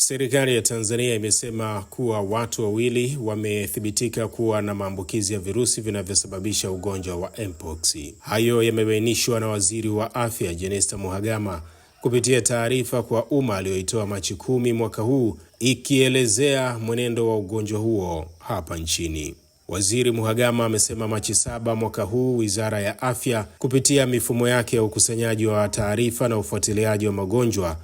Serikali ya Tanzania imesema kuwa watu wawili wamethibitika kuwa na maambukizi ya virusi vinavyosababisha ugonjwa wa mpox. Hayo yamebainishwa na Waziri wa Afya Jenista Mhagama kupitia taarifa kwa umma aliyoitoa Machi kumi mwaka huu ikielezea mwenendo wa ugonjwa huo hapa nchini. Waziri Mhagama amesema Machi saba mwaka huu Wizara ya Afya kupitia mifumo yake ya ukusanyaji wa taarifa na ufuatiliaji wa magonjwa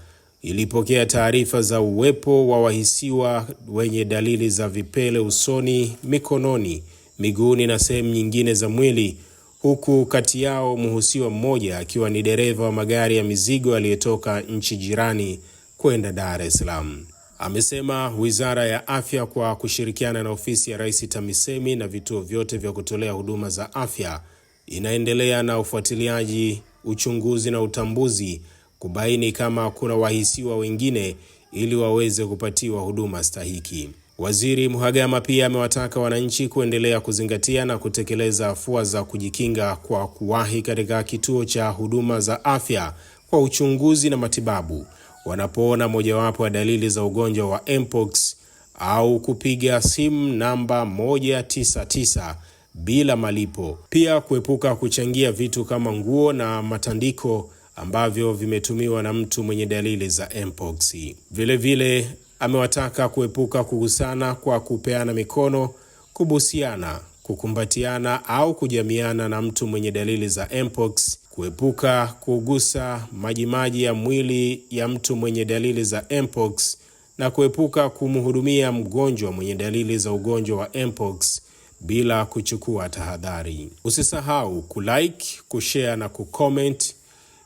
ilipokea taarifa za uwepo wa wahisiwa wenye dalili za vipele usoni, mikononi, miguuni na sehemu nyingine za mwili, huku kati yao mhusiwa mmoja akiwa ni dereva wa magari ya mizigo aliyetoka nchi jirani kwenda Dar es Salaam. Amesema Wizara ya Afya kwa kushirikiana na Ofisi ya Rais TAMISEMI na vituo vyote vya kutolea huduma za afya inaendelea na ufuatiliaji, uchunguzi na utambuzi kubaini kama kuna wahisiwa wengine ili waweze kupatiwa huduma stahiki. Waziri Mhagama pia amewataka wananchi kuendelea kuzingatia na kutekeleza afua za kujikinga kwa kuwahi katika kituo cha huduma za afya kwa uchunguzi na matibabu wanapoona mojawapo ya dalili za ugonjwa wa mpox au kupiga simu namba 199 bila malipo. Pia kuepuka kuchangia vitu kama nguo na matandiko ambavyo vimetumiwa na mtu mwenye dalili za mpox. Vilevile amewataka kuepuka kugusana kwa kupeana mikono, kubusiana, kukumbatiana au kujamiana na mtu mwenye dalili za mpox, kuepuka kugusa majimaji ya mwili ya mtu mwenye dalili za mpox na kuepuka kumhudumia mgonjwa mwenye dalili za ugonjwa wa mpox bila kuchukua tahadhari. Usisahau kulike, kushare na kucomment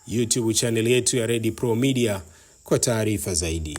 YouTube channel yetu ya Red Pro Media kwa taarifa zaidi.